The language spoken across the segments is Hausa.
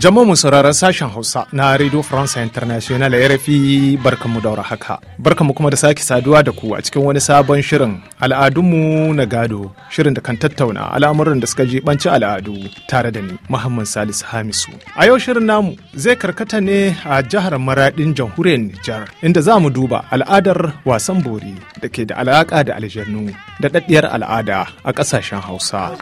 Jama'a mu sauraron sashen Hausa na Radio France International RFI barkanmu da haka. Barkanmu kuma da sake saduwa da ku a cikin wani sabon shirin al'adunmu na gado, shirin da kan tattauna al'amuran da suka jibanci al'adu tare da ni Muhammad Salisu Hamisu. A yau shirin namu zai karkata ne a jihar Maradin jamhuriyar Nijar inda za mu duba al'adar wasan bori da ke da alaka da aljannu da daddiyar al'ada a ƙasashen Hausa.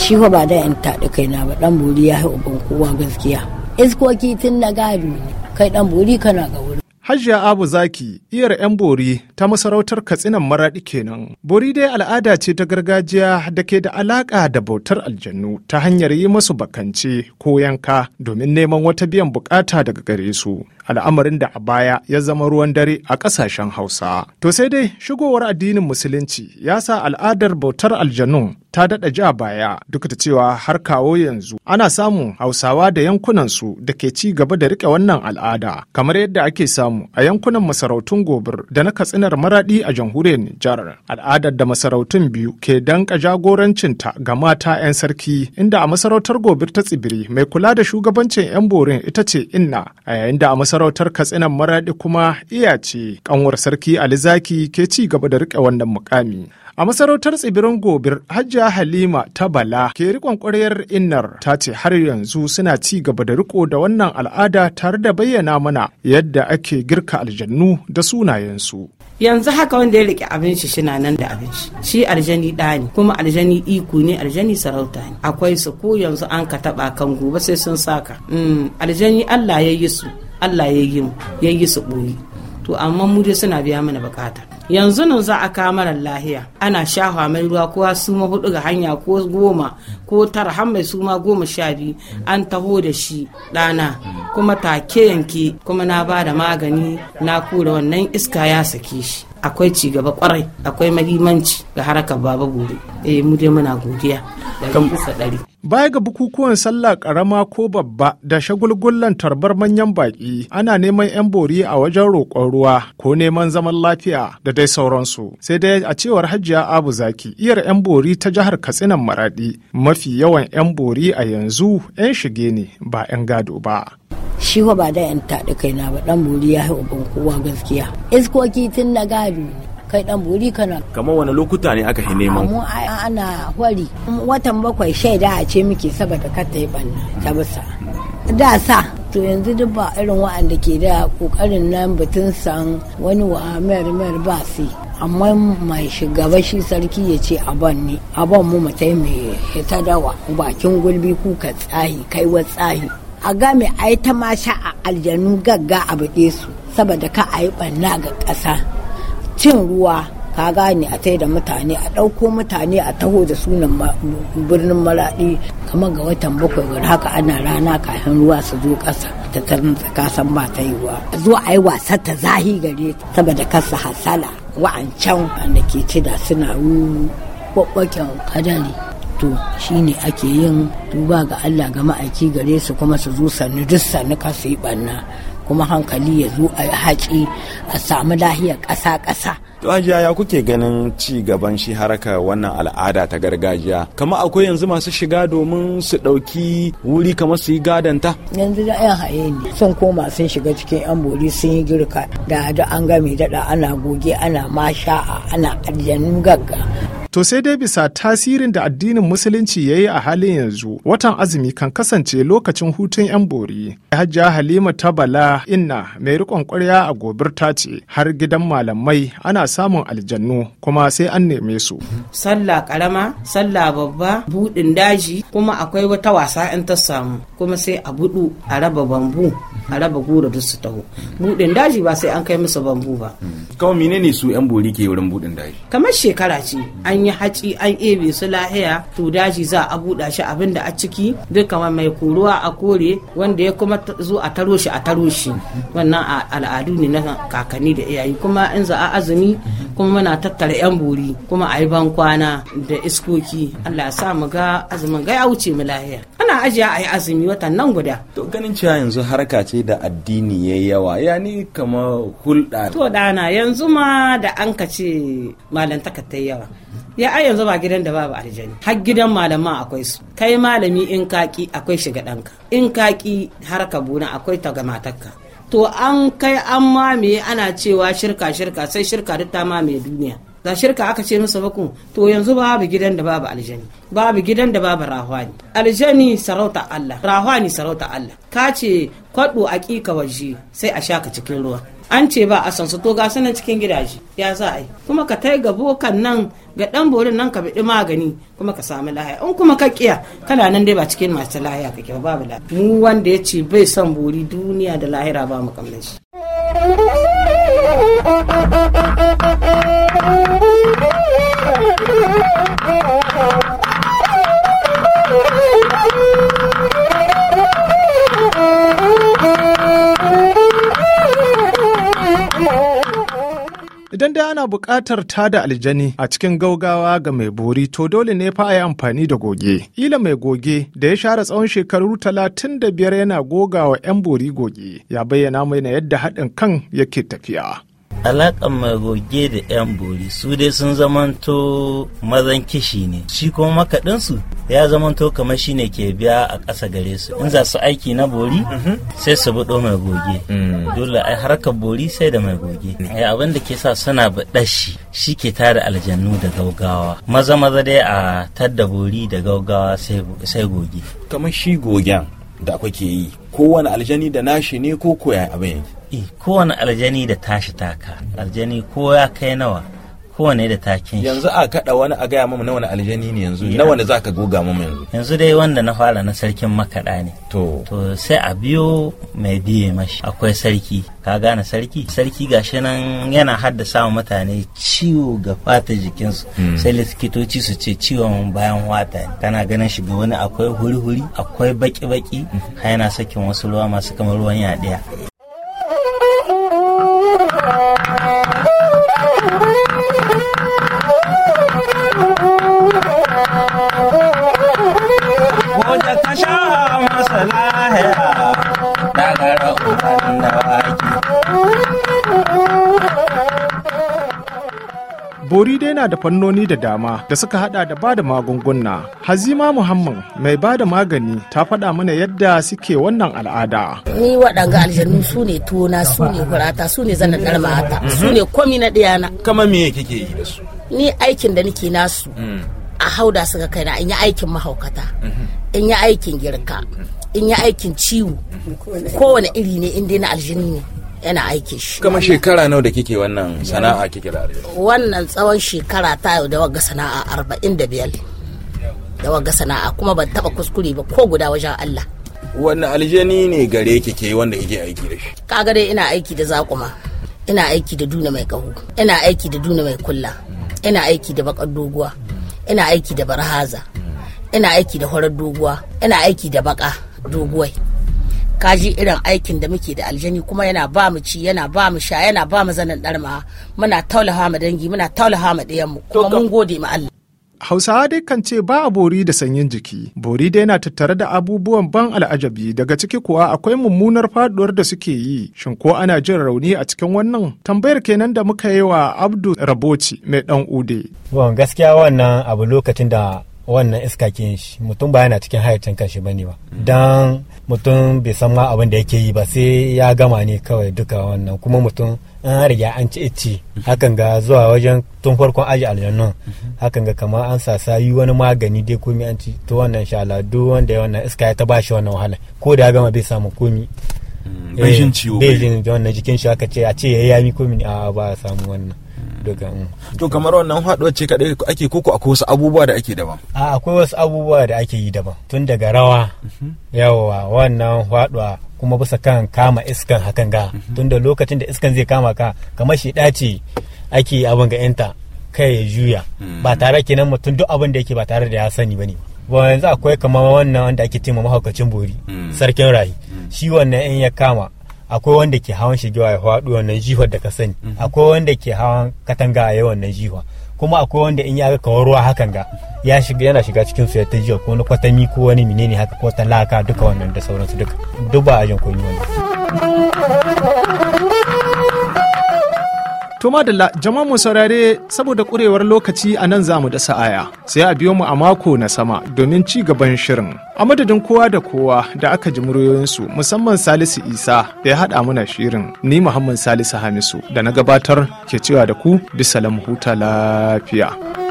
shi fa ba da yan taɗi na ba dan buri ya haihu ban kowa gaskiya iskoki tun na gari ne kai dan buri kana gawa Hajiya Abu Zaki, iyar 'yan bori ta masarautar Katsinan Maraɗi kenan. Bori dai al'ada ce ta gargajiya da ke da alaƙa da bautar aljannu ta hanyar yi masu bakance ko yanka domin neman wata biyan bukata daga gare su. Al'amarin da a baya ya zama ruwan dare a ƙasashen Hausa. To sai dai shigowar addinin Musulunci ya sa al'adar bautar aljannun ta daɗa ja baya duk da cewa har kawo yanzu ana samun Hausawa da yankunansu da ke ci gaba da riƙe wannan al'ada kamar yadda ake samu mu a yankunan masarautun gobir da na katsinar maradi a jamhuriyar Nijar. Al'adar da masarautun biyu ke danka jagorancinta ga mata 'yan sarki inda a masarautar gobir ta tsibiri mai kula da shugabancin 'yan borin ita ce inna a yayin da a masarautar katsinar maradi kuma iya ce kanwar sarki Ali Zaki ke ci gaba da riƙe wannan mukami. A masarautar tsibirin Gobir, hajja Halima ta Bala ke rikon ƙwaryar Innar ta ce har yanzu suna ci gaba da riko da wannan al'ada tare da bayyana mana yadda ake girka aljannu da sunayensu. Yanzu haka wanda ya rike abinci shina nan da abinci. Shi aljani ɗa ne, kuma aljani iku ne, aljani sarauta ne. Akwai su ko yanzu an ka taɓa kan gobe sai sun saka. Mm, aljani Allah ya yi su, Allah ya yi mu, ya yi su ɓoyi. to amma mu dai suna biya mana bukata yanzu nan za a kawo lahiya ana shafa mai ruwa ko su ma hudu ga hanya ko goma ko tara har mai suma goma sha biyu an taho da shi ɗana kuma take yanke kuma na ba da magani na kura wannan iska ya sake shi akwai ci gaba kwarai akwai mahimmanci ga harakar baba gobe eh mu dai muna godiya Baya ga bukukuwan sallah karama ko babba da shagulgullan tarbar manyan baƙi ana neman 'yan bori a wajen roƙon ruwa ko neman zaman lafiya da dai sauransu. Sai dai a cewar Hajiya Abu Zaki iyar 'yan bori ta jihar Katsinan Maraɗi mafi yawan 'yan bori a yanzu 'yan shige ne ba 'yan gado ba. shi ba da yan taɗi na ba ɗan buri ya ban kowa gaskiya iskoki tun na gari kai ɗan buri kana kamar wani lokuta ne aka neman mu ana hwari watan bakwai shaida a ce muke saboda ka ta yi banna ta bisa da sa to yanzu duk ba irin wa'anda ke da kokarin nan batun san wani wa mayar ba sai amma mai shugaba shi sarki ya ce aban ne aban mu mutai mai hita dawa bakin gulbi kuka tsahi kai wa tsahi a game a yi ta masha a aljanu gagga a buɗe su saboda ka a yi ɓanna ga ƙasa cin ruwa ka gane a tai da mutane a ɗauko mutane a taho da sunan birnin maraɗi kamar ga watan bakwai wani haka ana rana kafin ruwa su zo ƙasa ta tarin tsakasan ba ta wa zo a yi wasa ta zahi gare saboda kasa hasala wa'ancan da ke cida da suna ruru kwakwakin kadari to shine ake yin duba ga Allah ga ma'aiki gare su kuma su zo sannu duk sannu ka su yi banna kuma hankali ya zo a haƙi a samu lahiyar ƙasa-ƙasa. Hajiya ya kuke ganin ci gaban shi haraka wannan al'ada ta gargajiya kama akwai yanzu masu shiga domin su ɗauki wuri kamar su yi gadanta? Yanzu da yan haye ne sun koma sun shiga cikin yan bori sun yi girka da da an game daɗa ana goge ana masha'a ana aljanun gagga To sai dai bisa tasirin da addinin musulunci ya yi a halin yanzu watan azumi kan kasance lokacin hutun 'yan bori. Hajja Halima ta Bala Inna mai rikon kwarya a gobir ta ce har gidan malamai ana samun aljannu kuma sai an neme su. Sallah karama, sallah babba, buɗin daji kuma akwai wata wasa in ta samu kuma sai a buɗu a raba bambu a raba gura duk su taho. Buɗin daji ba sai an kai musu bambu ba. Kawai menene su 'yan bori ke wurin buɗin daji? Kamar shekara ce an an yi haci an ebe su lahiya to daji za a buɗa shi abin da a ciki duka mai koruwa a kore wanda ya kuma zo a taro shi a taro shi wannan al'adu ne na kakanni da iyayi kuma in za a azumi kuma muna tattara yan buri kuma a yi ban kwana da iskoki Allah ya sa mu ga azumin ga ya wuce mu lahiya ana ajiya a yi azumi watan nan guda to ganin cewa yanzu harka ce da addini yi yawa ya ni kama hulɗa to dana yanzu ma da an ka ce malantaka ta yawa ya ai yanzu ba gidan da babu aljani har gidan malama akwai su kai malami in kaki akwai shiga ɗanka in kaki har ka buna akwai tagamatakka matarka to an kai an mamaye ana cewa shirka shirka sai shirka duk ta mamaye duniya ga shirka aka ce masa bakun to yanzu babu gidan da babu aljani babu gidan da babu rahwani aljani sarauta Allah rahwani sarauta Allah ka ce kwaɗo a ƙiƙa waje sai a shaka cikin ruwa an ce ba a sansu to ga sanan cikin gidaje ya za a yi kuma ka tai ga bokan nan ga dan borin nan ka biɗi magani kuma ka samu lahaya in kuma ka kiya kana nan dai ba cikin masu lahaya kake ba babu lahaya mu wanda ya ce bai son bori duniya da lahira ba mu kamar shi buƙatar tada aljani a cikin gaugawa ga mai bori to dole ne fa a yi amfani da goge. Ila mai goge da ya share tsawon shekaru talatin da biyar yana gogawa 'yan bori goge ya bayyana mai na yadda haɗin kan yake tafiya. alakan mai goge da yan bori su dai sun zamanto mazan kishi ne shi kuma makaɗinsu ya zamanto kamar shi ne ke biya a ƙasa gare su in za su aiki na bori mhm. sai su buɗo mai goge mm. dole ai harkar bori sai da mai goge ai abin da ke sa suna baɗa shi shi ke tara aljannu da gaugawa maza maza dai a tadda bori da gaugawa sai goge kamar shi gogen da akwai ke yi kowane aljani da nashi ne ko koya abin yake kowane aljani da tashi taka aljani ko ya kai nawa kowane da takin yanzu a kada wani a gaya mamu na wani aljani ne yanzu na wani za ka goga mamu yanzu yanzu dai wanda na fara na sarkin makaɗa ne to to sai a biyo mai biye mashi akwai sarki ka gane sarki sarki gashi nan yana haddasa wa mutane ciwo ga fata jikinsu hmm. sai likitoci su ce ciwon bayan wata ne kana ganin shiga wani akwai huri-huri akwai baki-baki hmm. yana sakin wasu ruwa masu kamar ruwan yaɗiya Bori dai na da fannoni da dama da suka hada da bada magunguna. Hazima Muhammad mai bada magani ta faɗa mana yadda suke wannan al'ada. Ni waɗanga aljanu su ne tona su ne hurata su ne zanen ɗarmata mhm. su ne komi na ɗiyana. Kama me kike yi da su? Ni aikin da nake nasu. Mm. A hauda suka kai na in yi aikin mahaukata. Mhm. In yi aikin girka. In yi aikin ciwo. Mhm. Kowane iri ne in dai na aljini ne. yana aiki shi kamar shekara nawa da kike wannan sana'a kike da wannan tsawon shekara ta yau da wagga sana'a arba'in da biyar da sana'a kuma ban taba kuskure ba ko guda wajen Allah wani aljani ne gare ki ke wanda kike aiki da shi kaga dai ina aiki da zakuma ina aiki da duna mai kaho ina aiki da duna mai kulla ina aiki da bakar doguwa ina aiki da barhaza ina aiki da horar doguwa ina aiki da baka doguwai kaji irin aikin da muke da aljani kuma yana ba mu ci yana ba mu sha yana ba mu zanen darma muna taulaha ma dangi muna taulaha ma mu kuma mun gode ma Allah Hausawa dai kan ce ba a bori da sanyin jiki. Bori dai na tattare da abubuwan ban al'ajabi daga ciki kuwa akwai mummunar faduwar da suke yi. Shin ko ana jin rauni a cikin wannan? Tambayar kenan da muka yi wa abdul Raboci mai dan ude. Bon gaskiya wannan abu lokacin da wannan iska kin shi mutum ba yana cikin hayacin kanshi bane ba dan mutum bai san ma abin da yake yi ba sai ya gama ne kawai duka wannan kuma mutum an riga an ci ici hakan ga zuwa wajen tun farkon aji aljannun hakan ga kamar an sasa yi wani magani dai komi an ci to wannan sha Allah duk wanda ya wannan iska ya ta bashi wannan wahala ko da ya gama bai samu komi mm, bai jin ciwo eh, bai jin wannan jikin shi aka ce a ce ya yi komi a ba samu wannan Mm. to kamar wannan haɗuwar ce kaɗai ake koko akwai wasu abubuwa da ake daban a akwai wasu abubuwa da ake yi daban tun daga rawa yawa wannan haɗuwa kuma bisa kan kama iskan hakan ga mhm. tun da lokacin da iskan zai kama ka kamar shi ɗaci ake abin ga yanta kai ya juya mhm. ba tare kenan mutum duk abin da yake ba tare da ya sani ba ne ba yanzu akwai kamar wannan wanda ake cewa mahaukacin bori mhm. sarkin rai shi wannan in ya kama akwai wanda ke hawan shigewa ya faɗo wannan jihar da ka sani mhm. akwai wanda ke hawan katanga a nan jihar kuma akwai wanda in ya ga kawar ruwa hakan ga ya shiga yana shiga cikin su ta jiya ko na kwatami ko wani menene haka ko ta laka duka wannan da sauransu duka duk ba a jan wannan To madalla jama mu saurare saboda kurewar lokaci a nan zamu da sa'aya sai a biyo mu a mako na sama domin ci gaban shirin. A madadin kowa da kowa da aka ji muryoyinsu musamman Salisu Isa da ya haɗa mana shirin ni Muhammad Salisu Hamisu da na gabatar ke cewa da ku bisa huta lafiya.